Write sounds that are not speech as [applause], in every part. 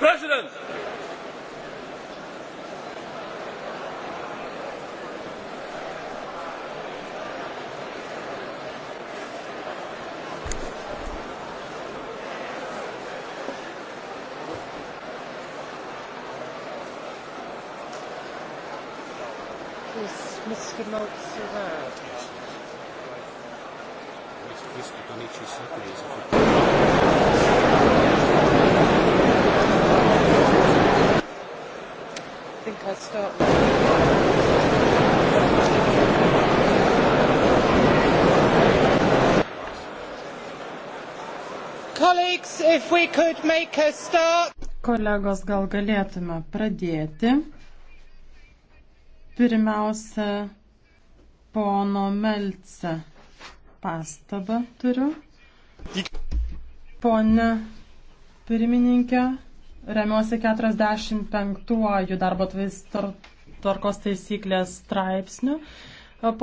President! Kolegos, gal galėtume pradėti. Pirmiausia, pono Melce pastabą turiu. Pone pirmininkė, remiuosi 45-uoju darbo tvarkos taisyklės straipsniu.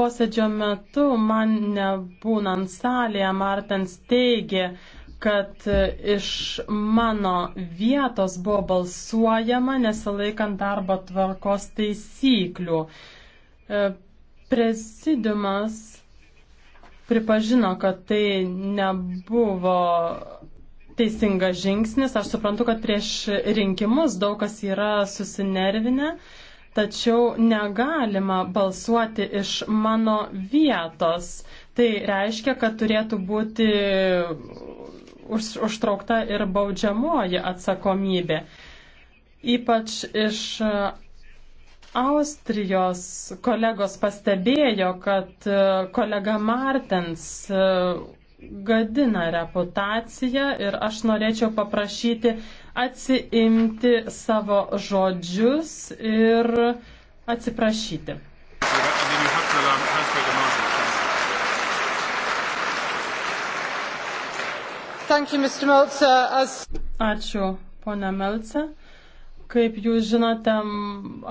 Posėdžio metu man nebūnant salėje, Martins teigė, kad e, iš mano vietos buvo balsuojama nesilaikant darbo tvarkos taisyklių. E, prezidiumas pripažino, kad tai nebuvo teisingas žingsnis. Aš suprantu, kad prieš rinkimus daug kas yra susinervinę, tačiau negalima balsuoti iš mano vietos. Tai reiškia, kad turėtų būti už, užtraukta ir baudžiamoji atsakomybė. Ypač iš e, Austrijos kolegos pastebėjo, kad e, kolega Martens e, gadina reputaciją ir aš norėčiau paprašyti atsiimti savo žodžius ir atsiprašyti. Ačiū, ponia Melce. Kaip jūs žinote,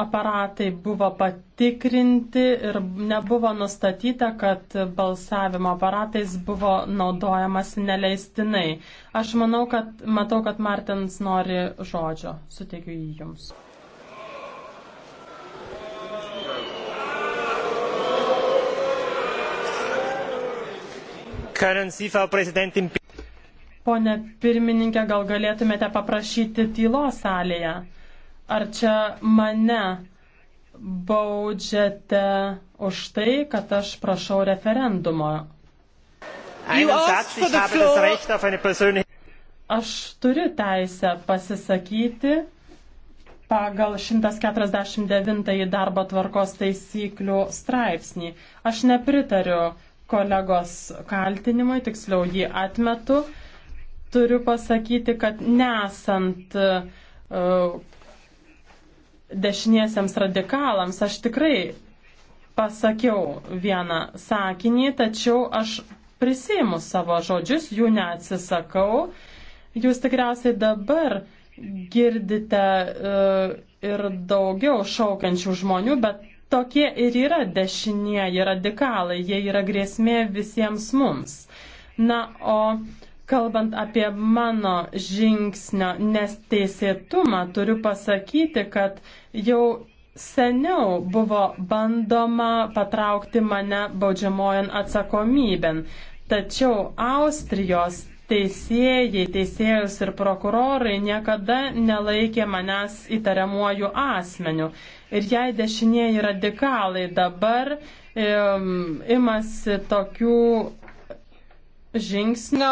aparatai buvo patikrinti ir nebuvo nustatyta, kad balsavimo aparatais buvo naudojamas neleistinai. Aš manau, kad matau, kad Martins nori žodžio. Suteikiu jį jums. Können Sie, Frau Präsidentin, Pone pirmininkė, gal galėtumėte paprašyti tylos salėje? Ar čia mane baudžiate už tai, kad aš prašau referendumo? Aš turiu teisę pasisakyti pagal 149 darbo tvarkos taisyklių straipsnį. Aš nepritariu kolegos kaltinimui, tiksliau jį atmetu turiu pasakyti, kad nesant e, dešiniesiems radikalams, aš tikrai pasakiau vieną sakinį, tačiau aš prisimu savo žodžius, jų neatsisakau. Jūs tikriausiai dabar girdite uh, ir daugiau šaukiančių žmonių, bet tokie ir yra dešinieji radikalai, jie yra grėsmė visiems mums. Na, o Kalbant apie mano žingsnio nesteisėtumą, turiu pasakyti, kad jau seniau buvo bandoma patraukti mane baudžiamojan atsakomybėn. Tačiau Austrijos teisėjai, teisėjus ir prokurorai niekada nelaikė manęs įtariamuoju asmeniu. Ir jei dešinieji radikalai dabar um, imasi tokių žingsnių.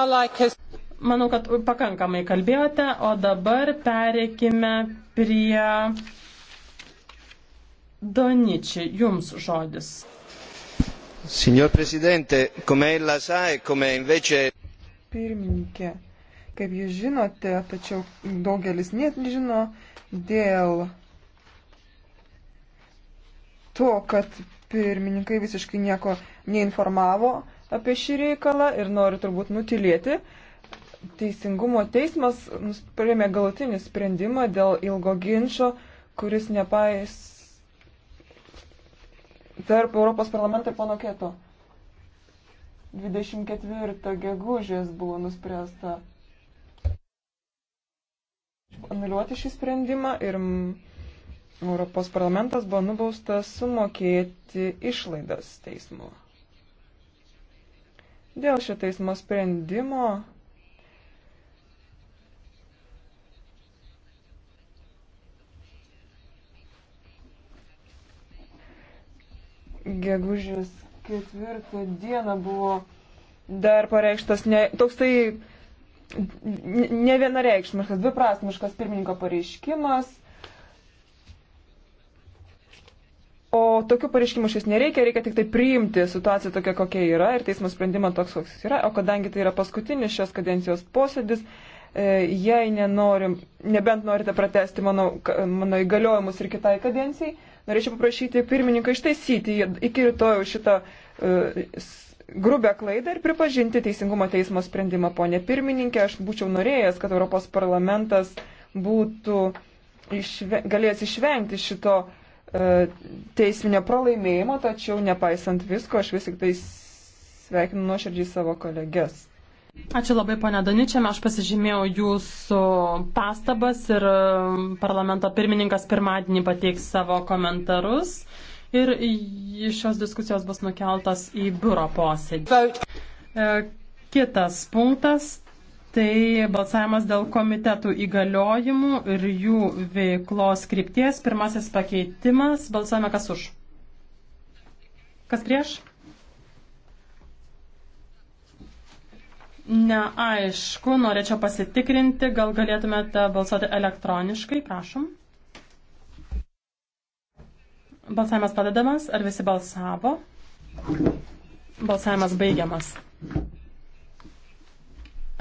Manau, kad pakankamai kalbėjote, o dabar pereikime prie Doničiai. Jums žodis. Signor Presidente, come ella sa e come invece. Pirmininkė, kaip jūs žinote, tačiau daugelis net nežino, dėl to, kad pirmininkai visiškai nieko neinformavo, apie šį reikalą ir noriu turbūt nutilėti. Teisingumo teismas priėmė galutinį sprendimą dėl ilgo ginčio, kuris nepais tarp Europos parlamento ir pono Keto. 24 gegužės buvo nuspręsta anuliuoti šį sprendimą ir Europos parlamentas buvo nubaustas sumokėti išlaidas teismo. Dėl šio teismo sprendimo gegužės ketvirtą dieną buvo dar pareikštas ne, toksai nevienareikšmiškas, dviprasmiškas pirmininko pareiškimas O tokių pareiškimų šis nereikia, reikia tik tai priimti situaciją tokia, kokia yra ir teismo sprendimą toks, koks yra. O kadangi tai yra paskutinis šios kadencijos posėdis, e, jei nenorim, nebent norite pratesti mano, mano įgaliojimus ir kitai kadencijai, norėčiau paprašyti pirmininką ištaisyti iki rytojų šitą e, grubę klaidą ir pripažinti Teisingumo teismo sprendimą. Pone pirmininkė, aš būčiau norėjęs, kad Europos parlamentas būtų išve, galėjęs išvengti šito E, teisminio pralaimėjimo, tačiau nepaisant visko, aš vis tik tai sveikinu nuoširdžiai savo kolegės. Ačiū labai, ponia Daničiame, aš pasižymėjau jūsų pastabas ir e, parlamento pirmininkas pirmadienį pateiks savo komentarus ir šios diskusijos bus nukeltas į biuro posėdį. E, kitas punktas Tai balsavimas dėl komitetų įgaliojimų ir jų veiklos krypties. Pirmasis pakeitimas. Balsavime kas už? Kas prieš? Neaišku, norėčiau pasitikrinti, gal galėtumėte balsuoti elektroniškai, prašom. Balsavimas padedamas, ar visi balsavo? Balsavimas baigiamas.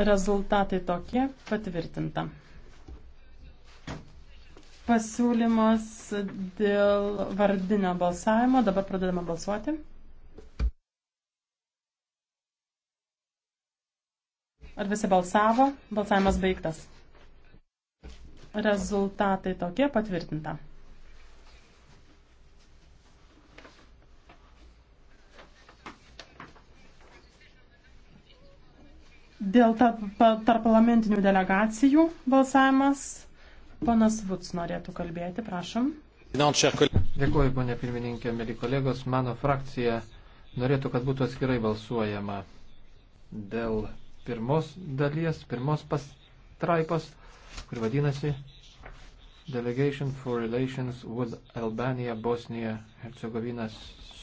Rezultatai tokie patvirtinta. Pasiūlymas dėl vardinio balsavimo. Dabar pradedame balsuoti. Ar visi balsavo? Balsavimas baigtas. Rezultatai tokie patvirtinta. Dėl tarpalamentinių delegacijų balsavimas. Panas Vuts norėtų kalbėti, prašom. Dėkuoju, ponė pirmininkė, mėly kolegos. Mano frakcija norėtų, kad būtų atskirai balsuojama dėl pirmos dalies, pirmos pastraipos, kur vadinasi Delegation for Relations with Albania, Bosnia, Herzegovina,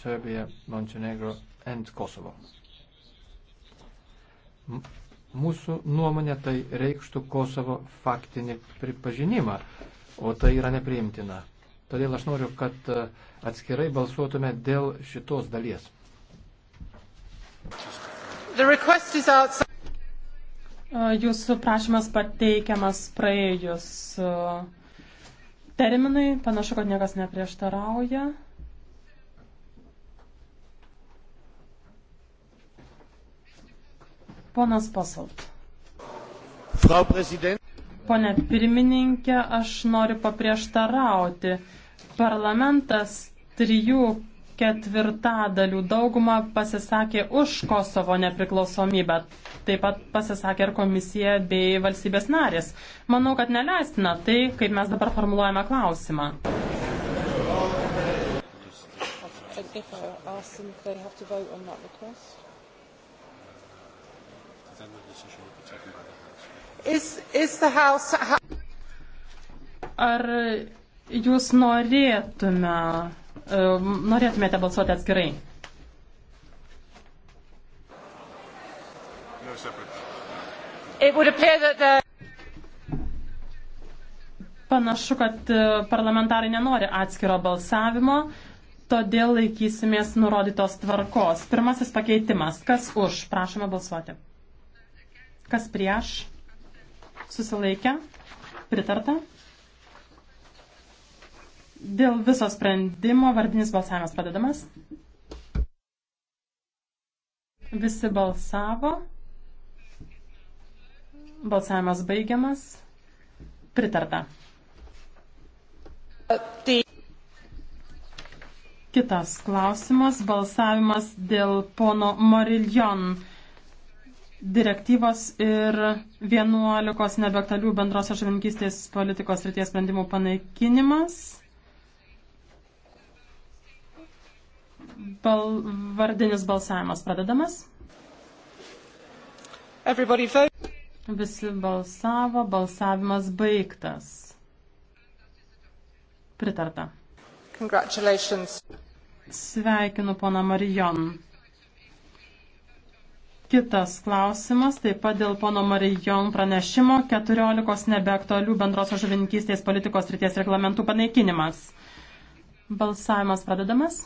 Serbia, Montenegro and Kosovo. Mūsų nuomonė tai reikštų Kosovo faktinį pripažinimą, o tai yra nepriimtina. Todėl aš noriu, kad e, atskirai balsuotume dėl šitos dalies. E, jūsų prašymas pateikiamas praėjus e, terminui, panašu, kad niekas neprieštarauja. Ponas Posalt. Frau Prezident. Pone pirmininkė, aš noriu paprieštarauti. Parlamentas trijų ketvirtadalių daugumą pasisakė už Kosovo nepriklausomybę. Taip pat pasisakė ir komisija bei valstybės narės. Manau, kad neleistina tai, kaip mes dabar formuluojame klausimą. I think I asked them if they have to vote on that request. Is, is the house... Ar jūs norėtume, e, norėtumėte balsuoti atskirai? Panašu, kad e, parlamentarai nenori atskiro balsavimo, todėl laikysimės nurodytos tvarkos. Pirmasis pakeitimas. Kas už? Prašome balsuoti. Kas prieš? Susilaikę? Pritarta? Dėl viso sprendimo vardinis balsavimas pradedamas. Visi balsavo. Balsavimas baigiamas. Pritarta. Tai. Kitas klausimas - balsavimas dėl pono Mariljon direktyvos ir 11 nebektalių bendrosios žuvininkystės politikos ryties sprendimų panaikinimas. Bal, vardinis balsavimas pradedamas. Visi balsavo, balsavimas baigtas. Pritarta. Sveikinu poną Marijon. Kitas klausimas, taip pat dėl pono Marijon pranešimo 14 nebeaktualių bendrosios žuvininkystės politikos ryties reglamentų panaikinimas. Balsavimas pradedamas.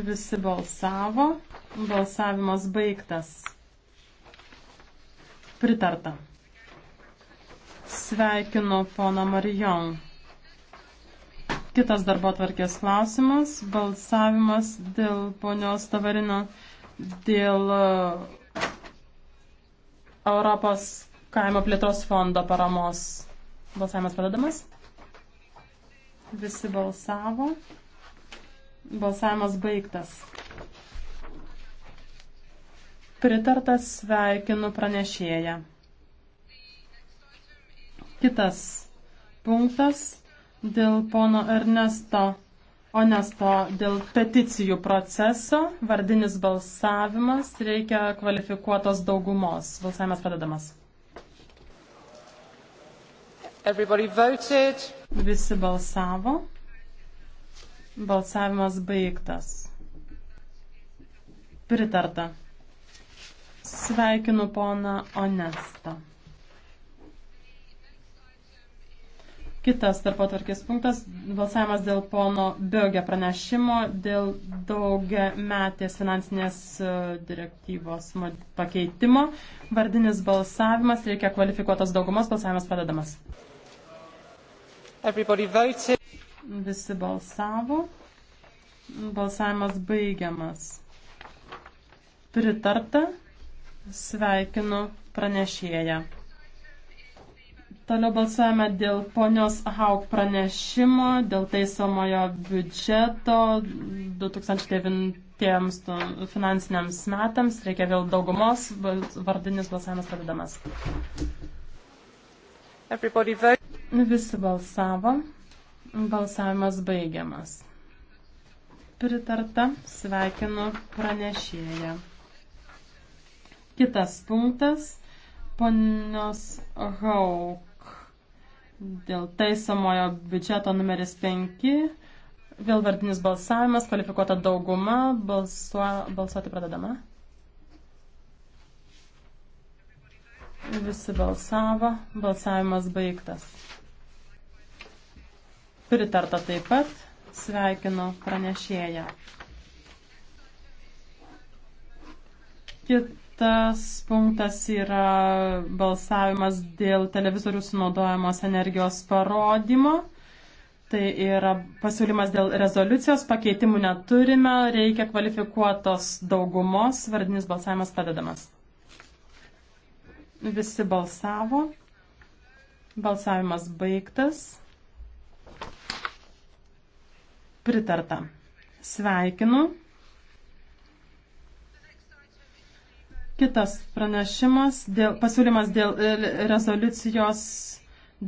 Visi balsavo. Balsavimas baigtas. Pritarta. Sveikinu poną Marijon. Kitas darbo tvarkės klausimas - balsavimas dėl ponios Tavarino dėl e, Europos kaimo plėtros fondo paramos. Balsavimas pradedamas. Visi balsavo. Balsavimas baigtas. Pritartas sveikinu pranešėją. Kitas punktas dėl pono Ernesto Onesto dėl peticijų proceso, vardinis balsavimas, reikia kvalifikuotos daugumos. Balsavimas pradedamas. Visi balsavo. Balsavimas baigtas. Pritarta. Sveikinu poną Onestą. Kitas tarpo tvarkės punktas - balsavimas dėl pono Biogė pranešimo dėl daugia metės finansinės e, direktyvos pakeitimo. Vardinis balsavimas reikia kvalifikuotos daugumos, balsavimas padedamas. Visi balsavo. Balsavimas baigiamas. Pritarta. Sveikinu pranešėją. Toliau balsuojame dėl ponios Haug pranešimo, dėl taisomojo biudžeto 2009 finansiniams metams. Reikia vėl daugumos, vardinis balsavimas pradedamas. Visi balsavo, balsavimas baigiamas. Pritarta, sveikinu pranešėją. Kitas punktas, ponios Haug dėl taisomojo biudžeto numeris 5. Vėl vardinis balsavimas, kvalifikuota dauguma. Balsuo, balsuoti pradedame. Visi balsavo. Balsavimas baigtas. Pritarta taip pat. Sveikinu pranešėją. Kit Kitas punktas yra balsavimas dėl televizorių sunaudojamos energijos parodymo. Tai yra pasiūlymas dėl rezoliucijos, pakeitimų neturime, reikia kvalifikuotos daugumos, vardinis balsavimas padedamas. Visi balsavo, balsavimas baigtas, pritarta. Sveikinu. Kitas pranešimas, dėl, pasiūlymas dėl e, rezoliucijos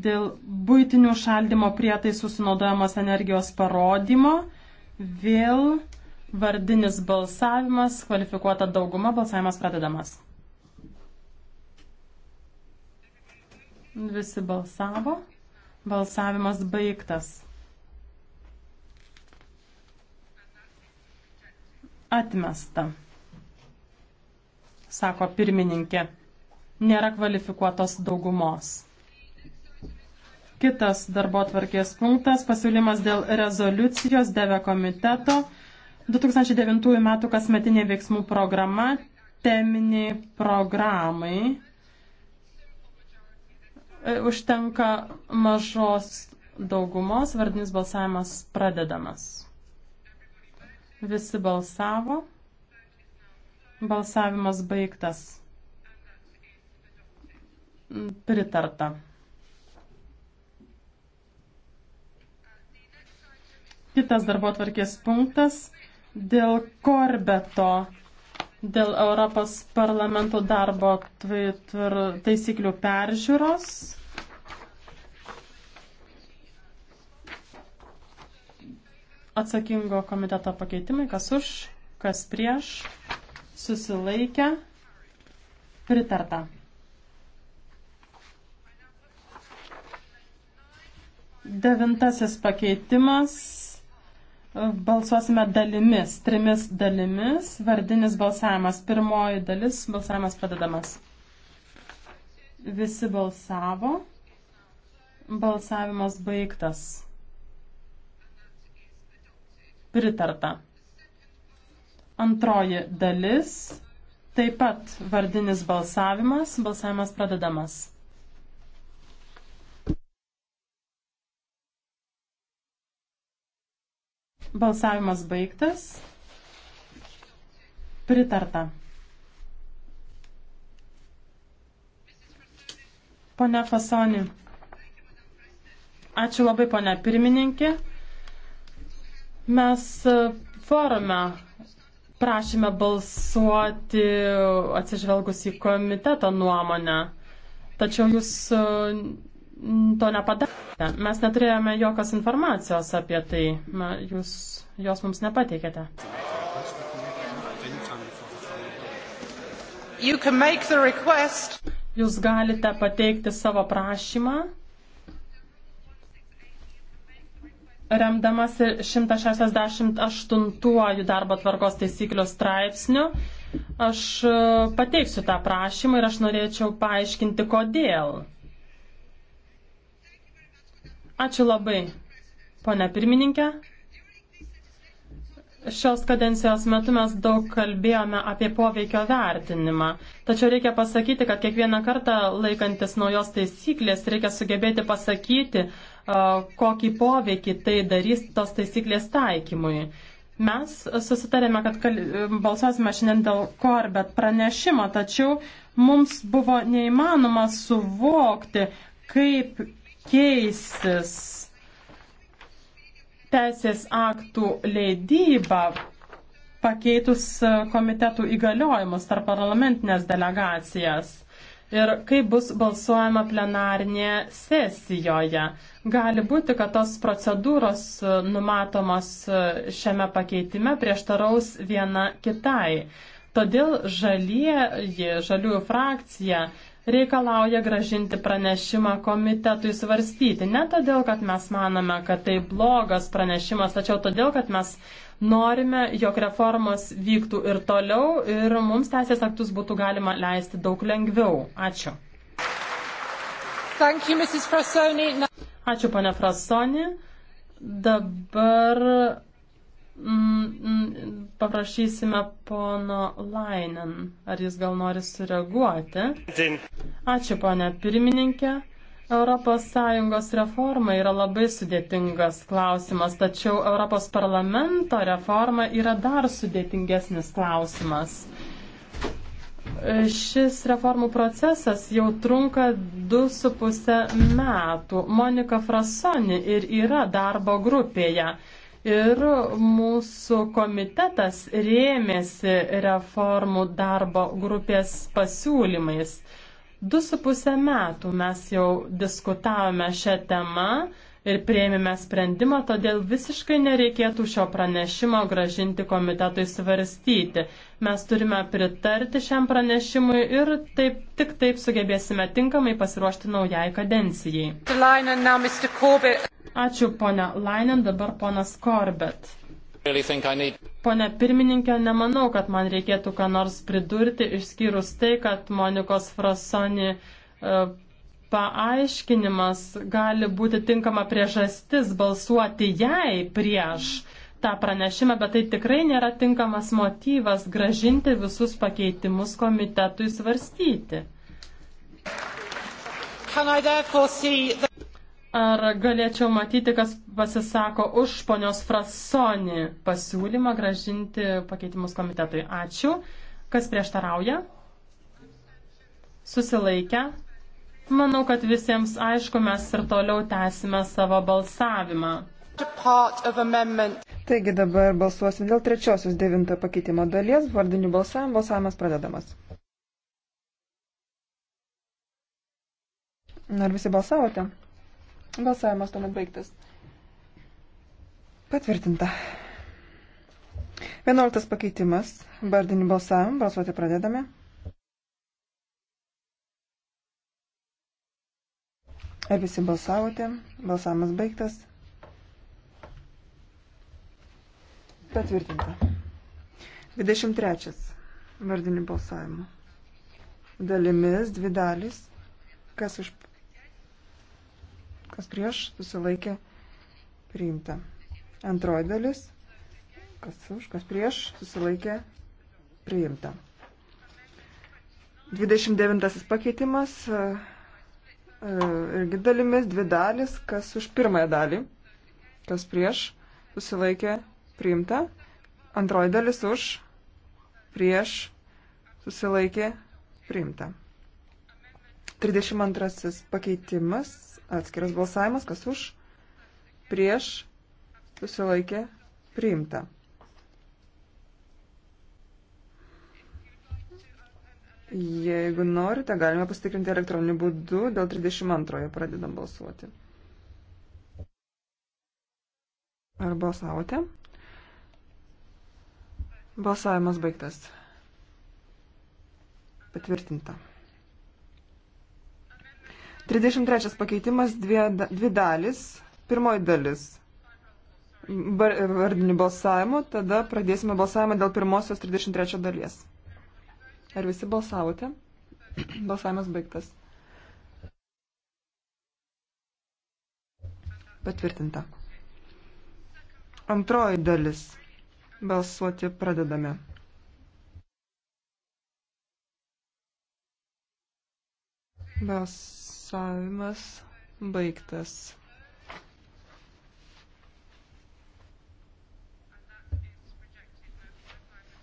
dėl būtinių šaldimo prietaisų sunaudojamos energijos parodymo. Vėl vardinis balsavimas, kvalifikuota dauguma, balsavimas pradedamas. Visi balsavo. Balsavimas baigtas. Atmesta sako pirmininkė, nėra kvalifikuotos daugumos. Kitas darbo tvarkės punktas - pasiūlymas dėl rezoliucijos DEVE komiteto 2009 m. kasmetinė veiksmų programa teminiai programai. E, užtenka mažos daugumos, vardinis balsavimas pradedamas. Visi balsavo. Balsavimas baigtas. Pritarta. Kitas darbo tvarkės punktas dėl korbeto, dėl Europos parlamento darbo taisyklių peržiūros. Atsakingo komiteto pakeitimai, kas už, kas prieš susilaikę, pritarta. Devintasis pakeitimas. Balsuosime dalimis, trimis dalimis. Vardinis balsavimas. Pirmoji dalis balsavimas pradedamas. Visi balsavo. Balsavimas baigtas. Pritarta. Antroji dalis, taip pat vardinis balsavimas, balsavimas pradedamas. Balsavimas baigtas. Pritarta. Pone Fasoni. Ačiū labai, pone pirmininkė. Mes forume e, prašėme balsuoti atsižvelgus į komiteto nuomonę, tačiau jūs e, to nepadarėte. Mes neturėjome jokios informacijos apie tai, Na, jūs jos mums nepateikėte. Jūs galite pateikti savo prašymą remdamasi 168 darbo tvarkos taisyklių straipsniu, aš e, pateiksiu tą prašymą ir aš norėčiau paaiškinti, kodėl. Ačiū labai, ponia pirmininkė. Šios kadencijos metu mes daug kalbėjome apie poveikio vertinimą, tačiau reikia pasakyti, kad kiekvieną kartą laikantis naujos taisyklės reikia sugebėti pasakyti, kokį poveikį tai darys tos taisyklės taikymui. Mes susitarėme, kad balsuosime šiandien dėl kor, bet pranešimo, tačiau mums buvo neįmanoma suvokti, kaip keisis teisės aktų leidyba pakeitus komitetų įgaliojimus tarp parlamentinės delegacijas ir kaip bus balsuojama plenarinėje sesijoje. Gali būti, kad tos procedūros e, numatomos e, šiame pakeitime prieštaraus viena kitai. Todėl žalieji, žaliųjų frakcija reikalauja gražinti pranešimą komitetui svarstyti. Ne todėl, kad mes manome, kad tai blogas pranešimas, tačiau todėl, kad mes norime, jog reformos vyktų ir toliau ir mums teisės aktus būtų galima leisti daug lengviau. Ačiū. You, Ačiū, ponė Frasoni. Dabar mm, mm, paprašysime pono Lainen, ar jis gal nori sureaguoti. Ačiū, ponė pirmininkė. ES reforma yra labai sudėtingas klausimas, tačiau ES parlamento reforma yra dar sudėtingesnis klausimas. Šis reformų procesas jau trunka 2,5 metų. Monika Frasoni ir yra darbo grupėje. Ir mūsų komitetas rėmėsi reformų darbo grupės pasiūlymais. 2,5 metų mes jau diskutavome šią temą, ir prieimėme sprendimą, todėl visiškai nereikėtų šio pranešimo gražinti komitetui svarstyti. Mes turime pritarti šiam pranešimui ir taip, tik taip sugebėsime tinkamai pasiruošti naujai kadencijai. Ačiū ponia Lainen, dabar ponas Korbet. Pone pirmininkė, nemanau, kad man reikėtų ką nors pridurti, išskyrus tai, kad Monikos Frasoni uh, paaiškinimas gali būti tinkama priežastis balsuoti jai prieš tą pranešimą, bet tai tikrai nėra tinkamas motyvas gražinti visus pakeitimus komitetui svarstyti. Ar galėčiau matyti, kas pasisako už ponios Frasoni pasiūlymą gražinti pakeitimus komitetui? Ačiū. Kas prieštarauja? Susilaikę? Manau, kad visiems aišku, mes ir toliau tęsime savo balsavimą. Taigi dabar balsuosim dėl trečiosios devinto pakeitimo dalies, vardinių balsavimų, balsavimas pradedamas. Ar visi balsavote? Balsavimas tuomet baigtas. Patvirtinta. Vienuoliktas pakeitimas, vardinių balsavimų, balsuoti pradedame. Ar visi balsavote? Balsavimas baigtas. Patvirtinta. 23. Vardinių balsavimų. Dalimis, dvi dalis. Kas už... Kas prieš susilaikė priimta. Antroji dalis. Kas už, kas prieš susilaikė priimta. 29. pakeitimas irgi dalimis, dvi dalis, kas už pirmąją dalį, kas prieš, susilaikė, priimta, antroji dalis už, prieš, susilaikė, priimta. 32 pakeitimas, atskiras balsavimas, kas už, prieš, susilaikė, priimta. Jeigu norite, galime pasitikrinti elektroniniu būdu. Dėl 32 pradedam balsuoti. Ar balsavote? Balsavimas baigtas. Patvirtinta. 33 pakeitimas, dvi, dvi dalis. Pirmoji dalis vardinių balsavimų, tada pradėsime balsavimą dėl pirmosios 33 dalies. Ar visi balsavote? [clears throat] Balsavimas baigtas. Patvirtinta. Antroji dalis. Balsuoti pradedame. Balsavimas baigtas.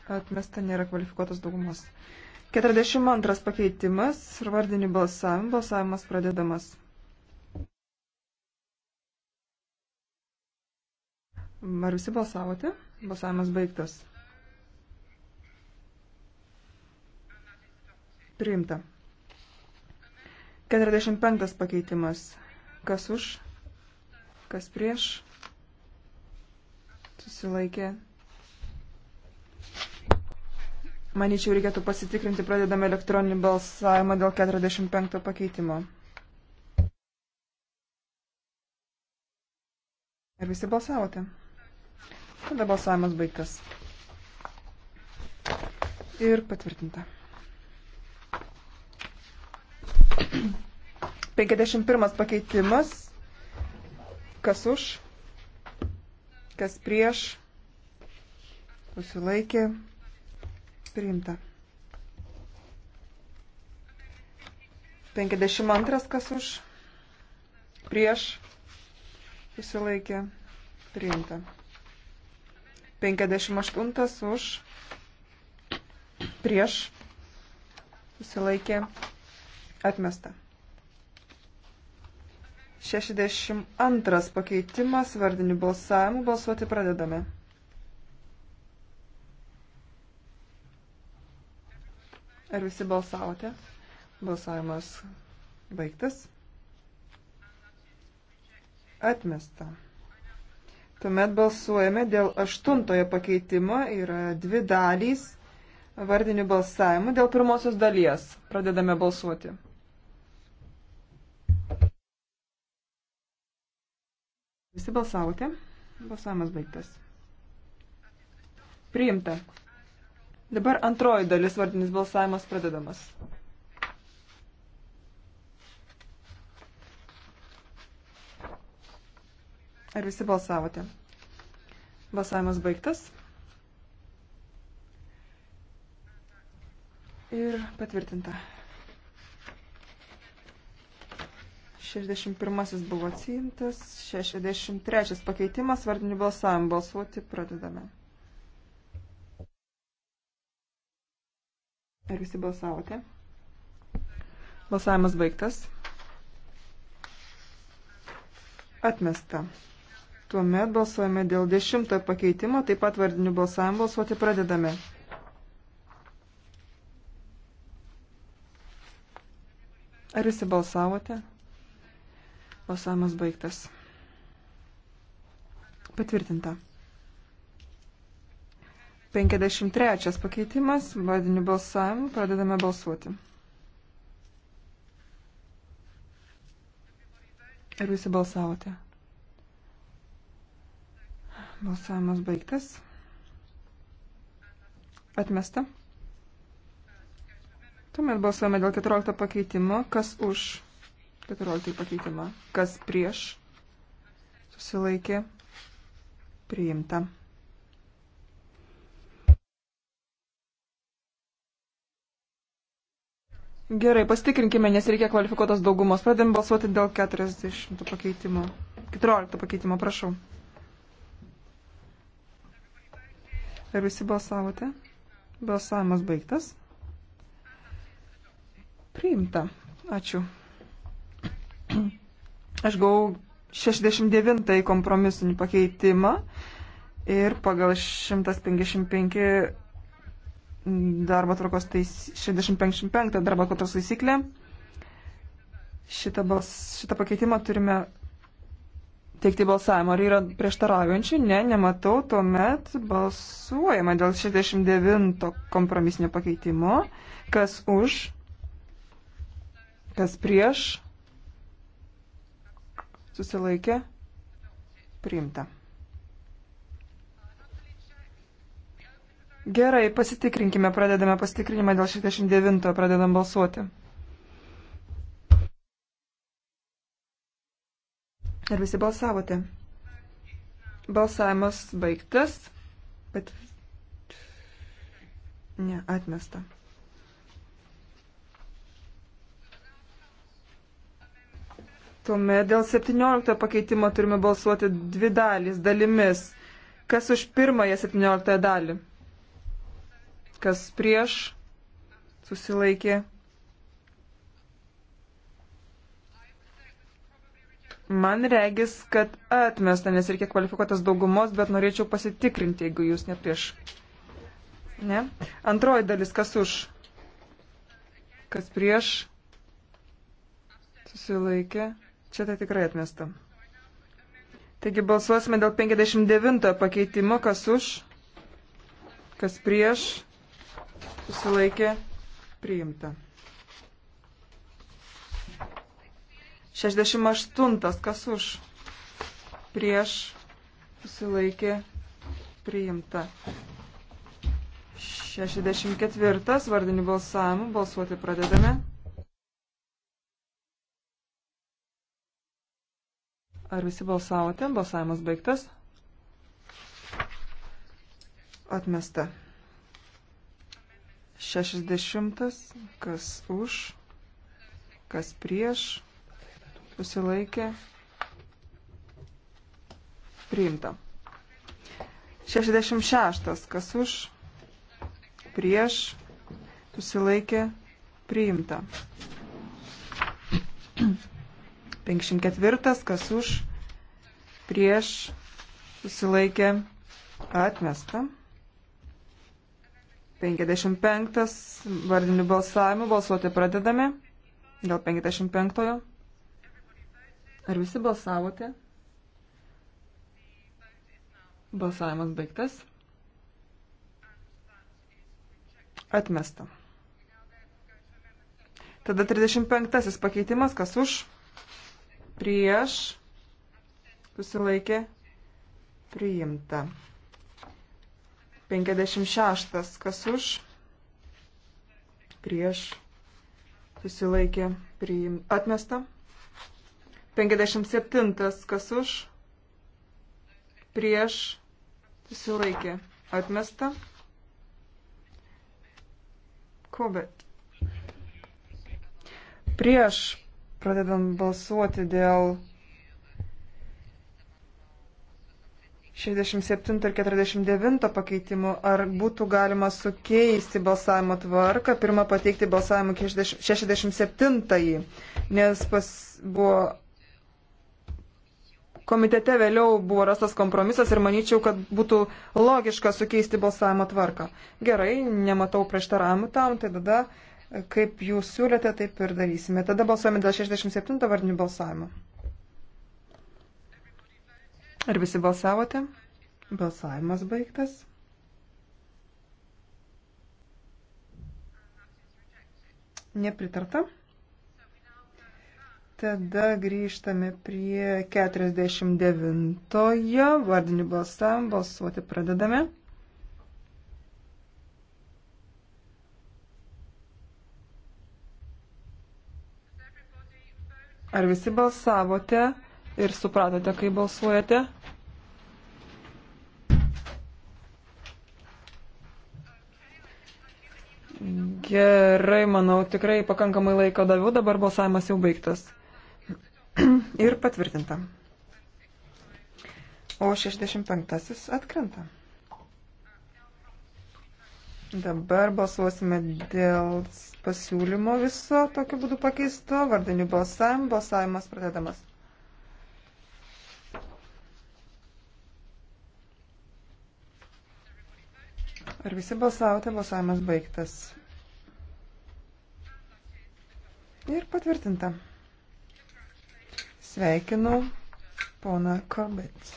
Atmesta nėra kvalifikuotos daugumos. 42 pakeitimas ir vardinį balsavimą. Balsavimas pradedamas. Ar visi balsavote? Balsavimas baigtas. Priimta. 45 pakeitimas. Kas už? Kas prieš? Susilaikė Manyčiau, reikėtų pasitikrinti, pradedame elektroninį balsavimą dėl 45 pakeitimo. Ir visi balsavote. Tada balsavimas baigtas. Ir patvirtinta. 51 [clears throat] pakeitimas. Kas už? Kas prieš? Susilaikė. Priimta. 52 kas už. Prieš. Susilaikė. Priimta. 58 už. Prieš. Susilaikė. Atmesta. 62 pakeitimas vardinių balsavimų. Balsuoti pradedame. Ar visi balsavote? Balsavimas baigtas. Atmesta. Tuomet balsuojame dėl aštuntojo pakeitimo. Yra dvi dalys vardinių balsavimų. Dėl pirmosios dalies pradedame balsuoti. Visi balsavote. Balsavimas baigtas. Priimta. Dabar antroji dalis vardinis balsavimas pradedamas. Ar visi balsavote? Balsavimas baigtas. Ir patvirtinta. 61 buvo atsiimtas, 63 pakeitimas vardinių balsavimų. Balsuoti pradedame. Ar visi balsavote? Balsavimas baigtas. Atmesta. Tuomet balsuojame dėl dešimtojo pakeitimo, taip pat vardinių balsavimų balsuoti pradedame. Ar visi balsavote? Balsavimas baigtas. Patvirtinta. 53 pakeitimas, vadiniu balsavimu, pradedame balsuoti. Ir visi balsavote. Balsavimas baigtas. Atmesta. Tuomet balsuojame dėl 14 pakeitimo. Kas už 14 pakeitimą? Kas prieš? Susilaikė. Priimta. Gerai, pasitikrinkime, nes reikia kvalifikuotos daugumos. Pradėm balsuoti dėl 40 pakeitimo. 14 pakeitimo, prašau. Ar visi balsavote? Balsavimas baigtas. Priimta. Ačiū. Aš gavau 69 kompromisinį pakeitimą ir pagal 155 darbo tvarkos tais, 65 darbo tvarkos taisyklė. Šitą, bals, šitą pakeitimą turime teikti balsavimą. Ar yra prieštaraujančių? Ne, nematau. Tuomet balsuojama dėl 69 kompromisinio pakeitimo. Kas už? Kas prieš? Susilaikė? Priimta. Gerai, pasitikrinkime, pradedame pasitikrinimą dėl 69, pradedam balsuoti. Ar visi balsavote? Balsavimas baigtas, bet ne, atmesta. Tuomet dėl 17 pakeitimo turime balsuoti dvi dalys, dalimis. Kas už pirmąją 17 dalį? kas prieš, susilaikė. Man regis, kad atmesta, nes reikia kvalifikuotas daugumos, bet norėčiau pasitikrinti, jeigu jūs ne prieš. Ne? Antroji dalis, kas už, kas prieš, susilaikė. Čia tai tikrai atmesta. Taigi balsuosime dėl 59 pakeitimo, kas už, kas prieš, susilaikė priimta. 68. Kas už? Prieš susilaikė priimta. 64. Vardinių balsavimų. Balsuoti pradedame. Ar visi balsavote? Balsavimas baigtas. Atmesta. 60, kas už, kas prieš, susilaikė, priimta. 66, kas už, prieš, susilaikė, priimta. 54, kas už, prieš, susilaikė, atmesta. 55 vardinių balsavimų. Balsuoti pradedame. Dėl 55-ojo. Ar visi balsavote? Balsavimas baigtas. Atmesta. Tada 35 pakeitimas, kas už, prieš, susilaikė, priimta. 56. Kas už? Prieš. Susilaikė. Priim... Atmesta. 57. Kas už? Prieš. Susilaikė. Atmesta. Kobet. Prieš pradedant balsuoti dėl 67 ir 49 pakeitimu, ar būtų galima sukeisti balsavimo tvarką, pirmą pateikti balsavimą 67, nes pas buvo komitete vėliau buvo rastas kompromisas ir manyčiau, kad būtų logiška sukeisti balsavimo tvarką. Gerai, nematau prieštaravimų tam, tai tada kaip jūs siūlėte, taip ir darysime. Tada balsuojame dėl 67 vardinių balsavimų. Ar visi balsavote? Balsavimas baigtas. Nepritarta. Tada grįžtame prie 49-ojo vardinių balsavimų. Balsuoti pradedame. Ar visi balsavote ir supratote, kai balsuojate? Gerai, manau, tikrai pakankamai laiko daviau, dabar balsavimas jau baigtas. [clears throat] Ir patvirtinta. O 65 atkrenta. Dabar balsuosime dėl pasiūlymo viso tokiu būdu pakeisto, vardinių balsavimų, balsavimas pradedamas. Ar visi balsavote, balsavimas baigtas. Ir patvirtinta. Sveikinu poną Kobet.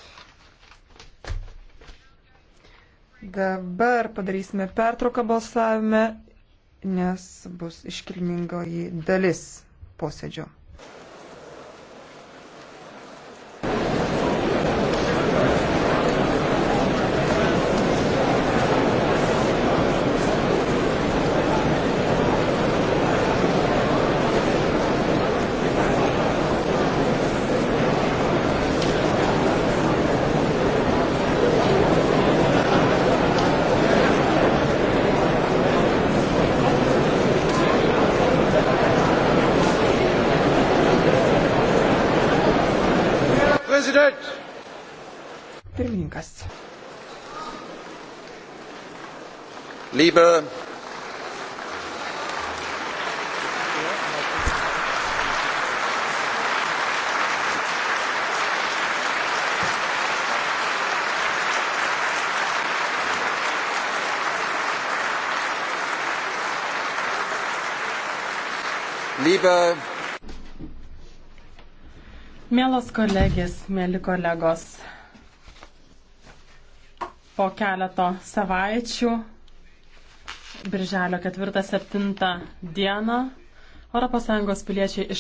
Dabar padarysime pertrauką balsavime, nes bus iškilmingoji dalis posėdžio. Liebe Liebe Mielos kolegės, mėly kolegos, po keleto savaičių Birželio 4-7 dieną ES piliečiai iš